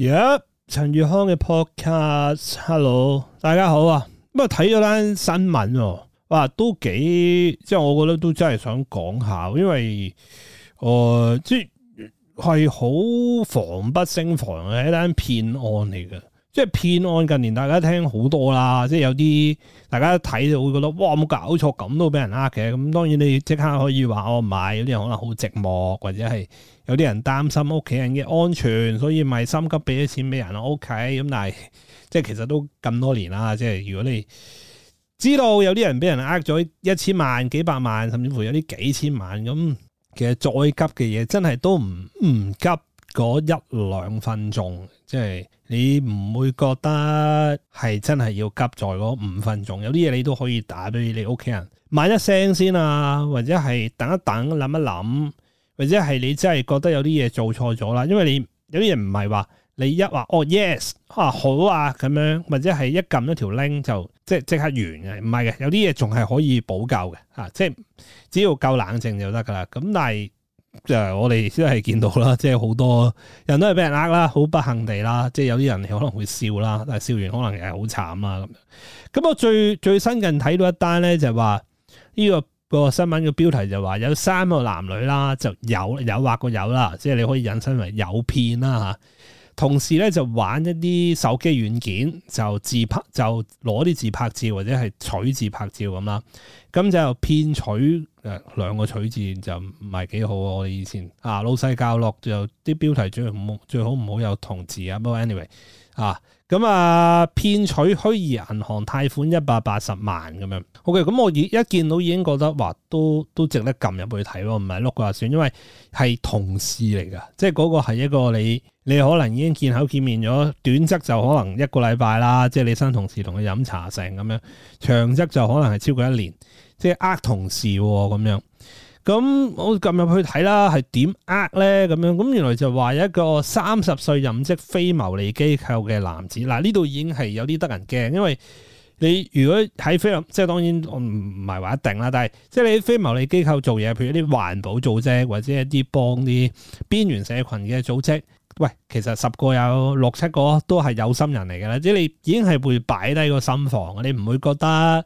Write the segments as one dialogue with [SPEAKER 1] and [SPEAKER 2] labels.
[SPEAKER 1] 而家陳宇康嘅 podcast，Hello，大家好啊！咁啊睇咗單新聞，哇，都幾即係我覺得都真係想講下，因為誒、呃，即係好防不勝防嘅一單騙案嚟嘅。即係騙案，近年大家聽好多啦。即係有啲大家一睇就會覺得哇，冇搞錯，咁都俾人呃嘅。咁當然你即刻可以話我唔係。有啲人可能好寂寞，或者係有啲人擔心屋企人嘅安全，所以咪心急俾咗錢俾人屋企。咁但係即係其實都咁多年啦。即係如果你知道有啲人俾人呃咗一千萬、幾百萬，甚至乎有啲幾千萬咁，其實再急嘅嘢真係都唔唔急。嗰一兩分鐘，即係你唔會覺得係真係要急在嗰五分鐘。有啲嘢你都可以打俾你屋企人，問、OK? 一聲先啊，或者係等一等，諗一諗，或者係你真係覺得有啲嘢做錯咗啦。因為你有啲嘢唔係話你一話哦、oh, yes 啊好啊咁樣，或者係一撳一條 link 就即即刻完嘅，唔係嘅。有啲嘢仲係可以補救嘅啊，即係只要夠冷靜就得噶啦。咁但係。即係 我哋都係見到啦，即係好多人都係俾人呃啦，好不幸地啦，即係有啲人可能會笑啦，但係笑完可能係好慘啊咁樣。咁我最最新近睇到一單咧，就係話呢個個新聞嘅標題就話有三個男女啦，就有，有，惑個友啦，即係你可以引申為誘騙啦吓。同事咧就玩一啲手機軟件，就自拍就攞啲自拍照或者係取自拍照咁啦，咁就騙取誒、呃、兩個取字就唔係幾好、啊、我哋以前啊老細教落就啲標題最唔最好唔好有同字啊，不過 anyway 啊咁啊騙取虛擬銀行貸款一百八十萬咁樣，OK，咁我已一見到已經覺得哇都都值得撳入去睇囉，唔係碌過就算，因為係同事嚟噶，即係嗰個係一個你。你可能已經見口見面咗，短則就可能一個禮拜啦，即係你新同事同佢飲茶成咁樣，長則就可能係超過一年，即係呃同事咁樣。咁、嗯、我撳入去睇啦，係點呃咧咁樣？咁原來就話有一個三十歲任職非牟利機構嘅男子，嗱呢度已經係有啲得人驚，因為。你如果喺菲林，即係當然我唔唔係話一定啦。但係即係你非牟利機構做嘢，譬如一啲環保組織或者一啲幫啲邊緣社群嘅組織，喂，其實十個有六七個都係有心人嚟嘅啦。即係你已經係會擺低個心防，你唔會覺得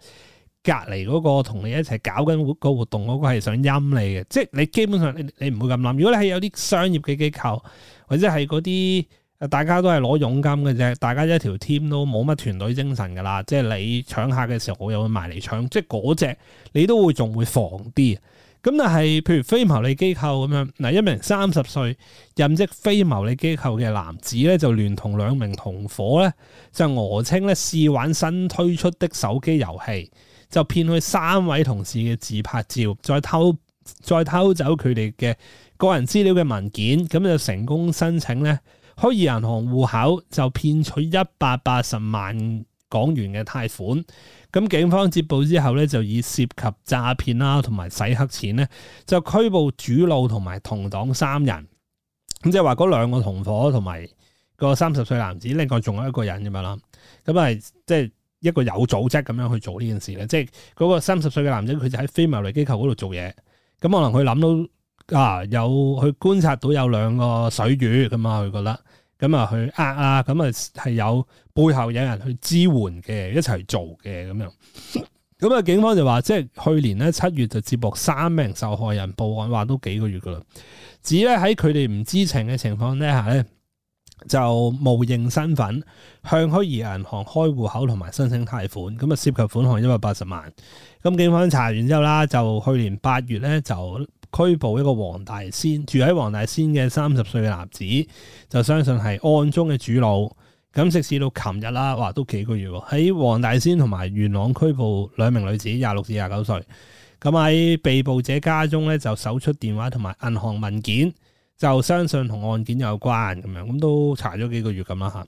[SPEAKER 1] 隔籬嗰個同你一齊搞緊活個活動嗰個係想陰你嘅。即係你基本上你你唔會咁諗。如果你係有啲商業嘅機構，或者係嗰啲。大家都係攞佣金嘅啫，大家一條 team 都冇乜團隊精神噶啦。即係你搶客嘅時候，我又會埋嚟搶。即係嗰隻你都會仲會防啲。咁但係，譬如非牟利機構咁樣，嗱，一名三十歲任職非牟利機構嘅男子咧，就聯同兩名同伙咧，就訛稱咧試玩新推出的手機遊戲，就騙去三位同事嘅自拍照，再偷再偷走佢哋嘅個人資料嘅文件，咁就成功申請咧。開銀行戶口就騙取一百八十萬港元嘅貸款，咁警方接報之後咧就以涉及詐騙啦，同埋洗黑錢咧就拘捕主腦同埋同黨三人，咁即係話嗰兩個同伙同埋個三十歲男子，另外仲有一個人咁樣啦，咁係即係一個有組織咁樣去做呢件事咧，即係嗰個三十歲嘅男子佢就喺非牟利機構嗰度做嘢，咁可能佢諗到。啊！有去觀察到有兩個水魚咁啊，佢覺得咁啊，去呃啊，咁啊係有背後有人去支援嘅，一齊做嘅咁樣。咁啊，警方就話，即係去年咧七月就接獲三名受害人報案，話都幾個月噶啦。指咧喺佢哋唔知情嘅情況之下咧，就冒認身份向虛擬銀行開戶口同埋申請貸款，咁啊涉及款項一百八十萬。咁警方查完之後啦，就去年八月咧就。拘捕一個黃大仙，住喺黃大仙嘅三十歲嘅男子，就相信係案中嘅主腦。咁直至到琴日啦，哇都幾個月喎。喺黃大仙同埋元朗拘捕兩名女子，廿六至廿九歲。咁喺被捕者家中咧，就搜出電話同埋銀行文件，就相信同案件有關咁樣。咁都查咗幾個月咁啦嚇。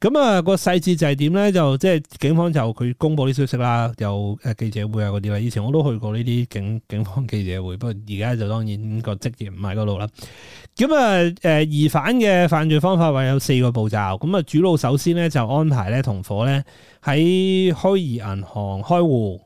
[SPEAKER 1] 咁啊，個細節就係點咧？就即係警方就佢公布啲消息啦，有誒記者會啊嗰啲啦。以前我都去過呢啲警警方記者會，不過而家就當然個職業唔喺嗰度啦。咁啊誒，疑犯嘅犯罪方法話有四個步驟。咁啊，主腦首先咧就安排咧同伙咧喺虛擬銀行開戶，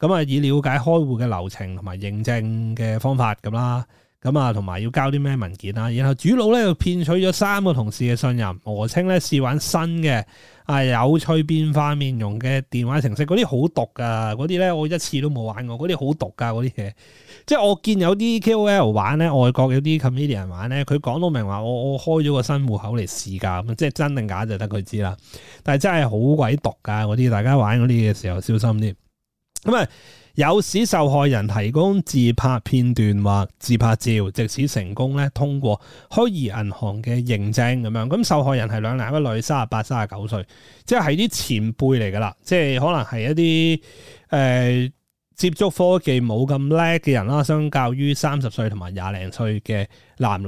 [SPEAKER 1] 咁啊以了解開戶嘅流程同埋認證嘅方法咁啦。咁啊，同埋要交啲咩文件啦？然後主腦咧就騙取咗三個同事嘅信任，訛稱咧試玩新嘅啊有趣變化面容嘅電話程式，嗰啲好毒噶，嗰啲咧我一次都冇玩過，嗰啲好毒噶嗰啲嘢，即係我見有啲 KOL 玩咧，外國有啲 comedian 玩咧，佢講到明話我我開咗個新戶口嚟試㗎，咁即係真定假就得佢知啦。但係真係好鬼毒噶嗰啲，大家玩嗰啲嘅時候小心啲。咁啊～有時受害人提供自拍片段或自拍照，即使成功咧通過虛擬銀行嘅認證咁樣，咁受害人係兩男一女，三十八、三十九歲，即係係啲前輩嚟㗎啦，即係可能係一啲誒、呃、接觸科技冇咁叻嘅人啦，相較於三十歲同埋廿零歲嘅男女，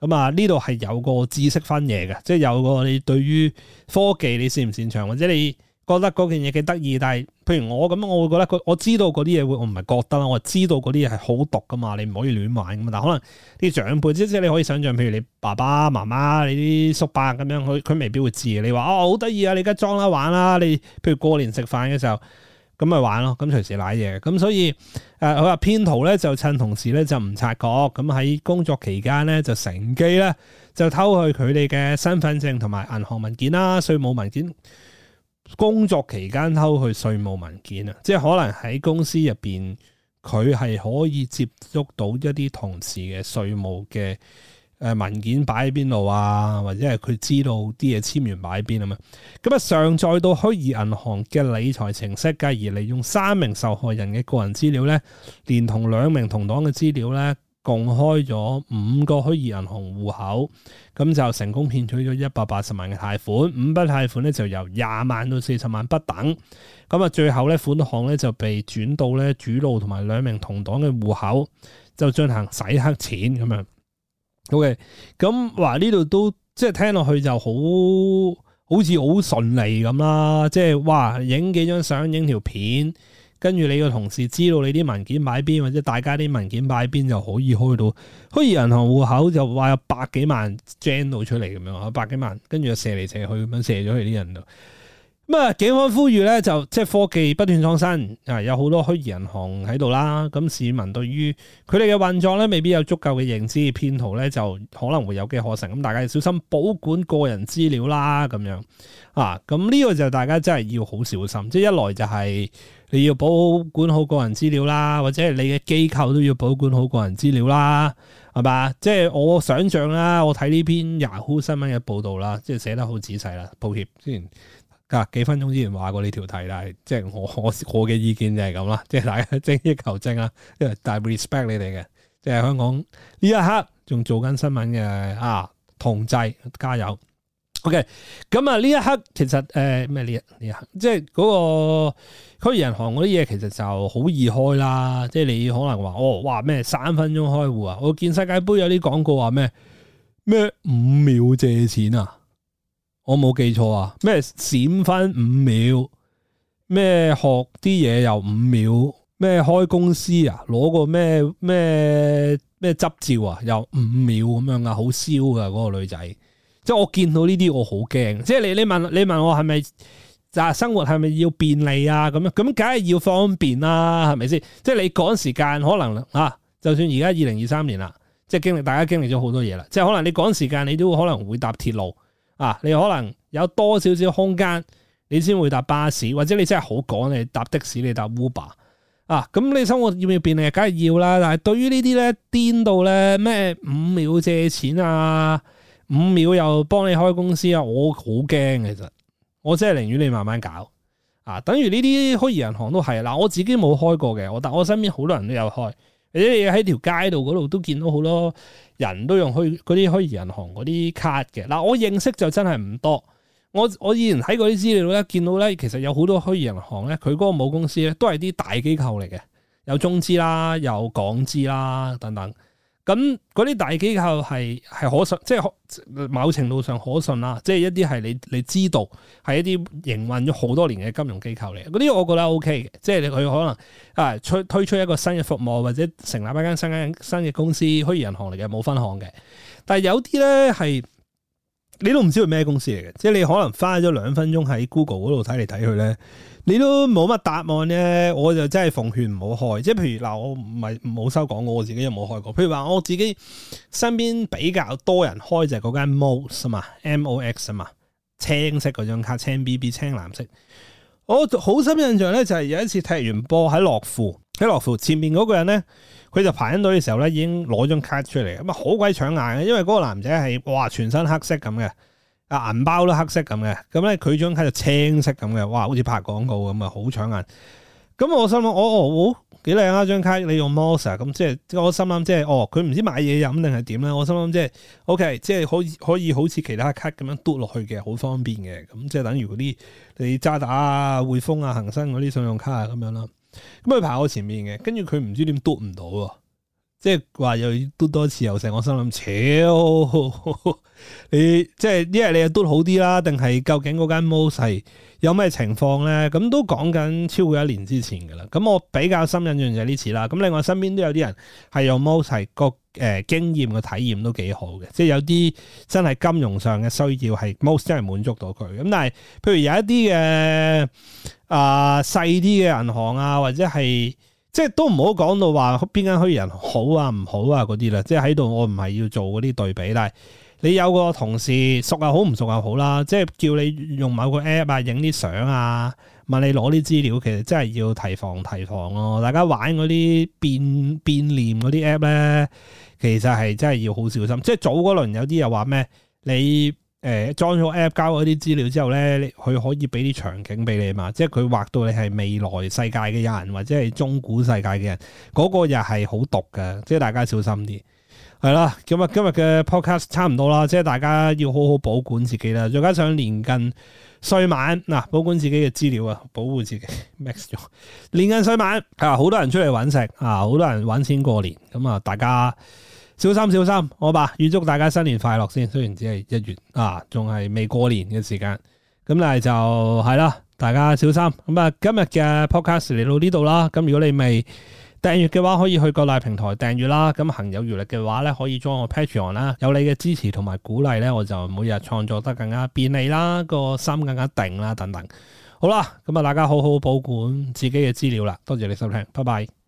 [SPEAKER 1] 咁啊呢度係有個知識分野嘅，即係有個你對於科技你擅唔擅長或者你？覺得嗰件嘢幾得意，但係譬如我咁，我會覺得我知道嗰啲嘢，我唔係覺得啦，我係知道嗰啲嘢係好毒噶嘛，你唔可以亂玩噶嘛。但可能啲長輩即即係你可以想象，譬如你爸爸媽媽、你啲叔伯咁樣，佢佢未必會知。你話哦，好得意啊，你而家裝啦玩啦，你譬如過年食飯嘅時候咁咪玩咯，咁隨時攋嘢。咁所以誒，佢話騙徒咧就趁同事咧就唔察覺，咁喺工作期間咧就乘機咧就偷去佢哋嘅身份證同埋銀行文件啦、稅務文件。工作期間偷去稅務文件啊！即係可能喺公司入邊，佢係可以接觸到一啲同事嘅稅務嘅誒文件擺喺邊度啊，或者係佢知道啲嘢簽完擺喺邊啊嘛。咁啊，上載到虛擬銀行嘅理財程式，繼而利用三名受害人嘅個人資料咧，連同兩名同黨嘅資料咧。共開咗五個虛擬銀行戶口，咁就成功騙取咗一百八十萬嘅貸款。五筆貸款咧就由廿萬到四十萬不等。咁啊，最後咧款項咧就被轉到咧主路同埋兩名同黨嘅戶口，就進行洗黑錢咁樣。OK，咁話呢度都即係聽落去就好好似好順利咁啦，即係哇，影幾張相，影條片。跟住你個同事知道你啲文件擺邊，或者大家啲文件擺邊，就可以開到虛擬銀行戶口，就話有百幾萬 g 到出嚟咁樣，百幾萬跟住就射嚟射去咁樣，射咗去啲人度。咁啊，警方呼籲咧，就即係科技不斷創新，啊，有好多虛擬銀行喺度啦。咁市民對於佢哋嘅運作咧，未必有足夠嘅認知，騙徒咧就可能會有機可乘。咁大家要小心保管個人資料啦，咁樣啊。咁、這、呢個就大家真係要好小心。即係一來就係你要保管好個人資料啦，或者你嘅機構都要保管好個人資料啦，係嘛？即係我想象啦，我睇呢篇 Yahoo 新聞嘅報導啦，即係寫得好仔細啦，抱歉，之啊！幾分鐘之前話過呢條題，但係即係我我我嘅意見就係咁啦，即係大家精益求精啊！但係 respect 你哋嘅，即係香港呢一刻仲做緊新聞嘅啊，同濟加油。OK，咁啊呢一刻其實誒咩呢一刻，即係嗰個區銀行嗰啲嘢其實就好易開啦，即係你可能話哦哇咩三分鐘開戶啊，我見世界盃有啲廣告話咩咩五秒借錢啊！我冇記錯啊！咩閃翻五秒，咩學啲嘢又五秒，咩開公司啊，攞個咩咩咩執照啊又五秒咁樣啊，好燒噶嗰個女仔。即係我見到呢啲，我好驚。即係你你問你問我係咪就生活係咪要便利啊？咁樣咁梗係要方便啊，係咪先？即係你趕時間，可能啊，就算而家二零二三年啦，即係經歷大家經歷咗好多嘢啦。即係可能你趕時間，你都可能會搭鐵路。啊！你可能有多少少空間，你先會搭巴士，或者你真係好趕，你搭的士，你搭 Uber 啊。咁你生活要唔要便利？梗係要啦。但係對於呢啲咧癲到咧咩五秒借錢啊，五秒又幫你開公司啊，我好驚其實。我真係寧願你慢慢搞啊。等於呢啲虛擬銀行都係嗱、啊，我自己冇開過嘅，我但我身邊好多人都有開。而你喺條街度嗰度都見到好多人都用虛啲虛擬銀行嗰啲卡嘅，嗱，我認識就真係唔多。我我以前喺嗰啲資料咧，見到咧其實有好多虛擬銀行咧，佢嗰個母公司咧都係啲大機構嚟嘅，有中資啦，有港資啦，等等。咁嗰啲大機構係係可信，即係某程度上可信啦。即係一啲係你你知道，係一啲營運咗好多年嘅金融機構嚟。嗰啲我覺得 O K 嘅，即係佢可能啊推推出一個新嘅服務，或者成立一間新間新嘅公司，虛擬銀行嚟嘅，冇分行嘅。但係有啲咧係。你都唔知佢咩公司嚟嘅，即係你可能花咗兩分鐘喺 Google 嗰度睇嚟睇去咧，你都冇乜答案咧。我就真係奉勸唔好開。即係譬如嗱，我唔係冇收講過，我自己又冇開過。譬如話我自己身邊比較多人開就係嗰間 MOS 嘛，MOX 啊嘛，青色嗰張卡，青 B B 青藍色。我好深印象咧，就係有一次踢完波喺樂富，喺樂富前面嗰個人咧。佢就排緊隊嘅時候咧，已經攞張卡出嚟，咁啊好鬼搶眼嘅，因為嗰個男仔係哇全身黑色咁嘅，啊銀包都黑色咁嘅，咁咧佢張卡就青色咁嘅，哇好似拍廣告咁啊好搶眼。咁我心諗，哦哦好幾靚啊張卡，你用 Mox 咁即係，我心諗即係哦佢唔知買嘢飲定係點啦。我心諗即係 OK，即係可以可以好似其他卡咁樣嘟落去嘅，好方便嘅，咁即係等於嗰啲你渣打啊、匯豐啊、恒生嗰啲信用卡啊咁樣啦。咁佢排我前面嘅，跟住佢唔知點嘟唔到，即係話又嘟多次又成。我心諗，超、呃、你即係，因為你又嘟好啲啦，定係究竟嗰間 most 有咩情況咧？咁都講緊超過一年之前噶啦。咁我比較深印象就係呢次啦。咁另外身邊、那個呃、都有啲人係用 most 係個誒經驗嘅體驗都幾好嘅，即係有啲真係金融上嘅需要係 most 真係滿足到佢。咁但係譬如有一啲嘅。啊、呃，細啲嘅銀行啊，或者係即係都唔好講到話邊間虛人好啊，唔好啊嗰啲啦，即係喺度我唔係要做嗰啲對比，但係你有個同事熟又好唔熟又好啦，即係叫你用某個 app 啊，影啲相啊，問你攞啲資料，其實真係要提防提防咯、啊。大家玩嗰啲變變臉嗰啲 app 咧，其實係真係要好小心。即係早嗰輪有啲又話咩，你。誒，裝咗、呃、app 交嗰啲資料之後咧，佢可以俾啲場景俾你嘛，即係佢畫到你係未來世界嘅人或者係中古世界嘅人，嗰、嗰個又係好毒嘅，即係大家小心啲。係啦，咁啊今日嘅 podcast 差唔多啦，即係大家要好好保管自己啦，再加上年近歲晚嗱、啊，保管自己嘅資料護 啊，保護自己 max 咗。年近歲晚啊，好多人出嚟揾食啊，好多人揾錢過年，咁啊大家。小心小心，好吧？預祝大家新年快樂先，雖然只係一月啊，仲係未過年嘅時間。咁但係就係啦，大家小心。咁啊，今日嘅 podcast 嚟到呢度啦。咁如果你未訂閱嘅話，可以去各大平台訂閱啦。咁行有餘力嘅話咧，可以 join 我 Patreon 啦。有你嘅支持同埋鼓勵咧，我就每日創作得更加便利啦，個心更加定啦，等等。好啦，咁啊，大家好好保管自己嘅資料啦。多謝你收聽，拜拜。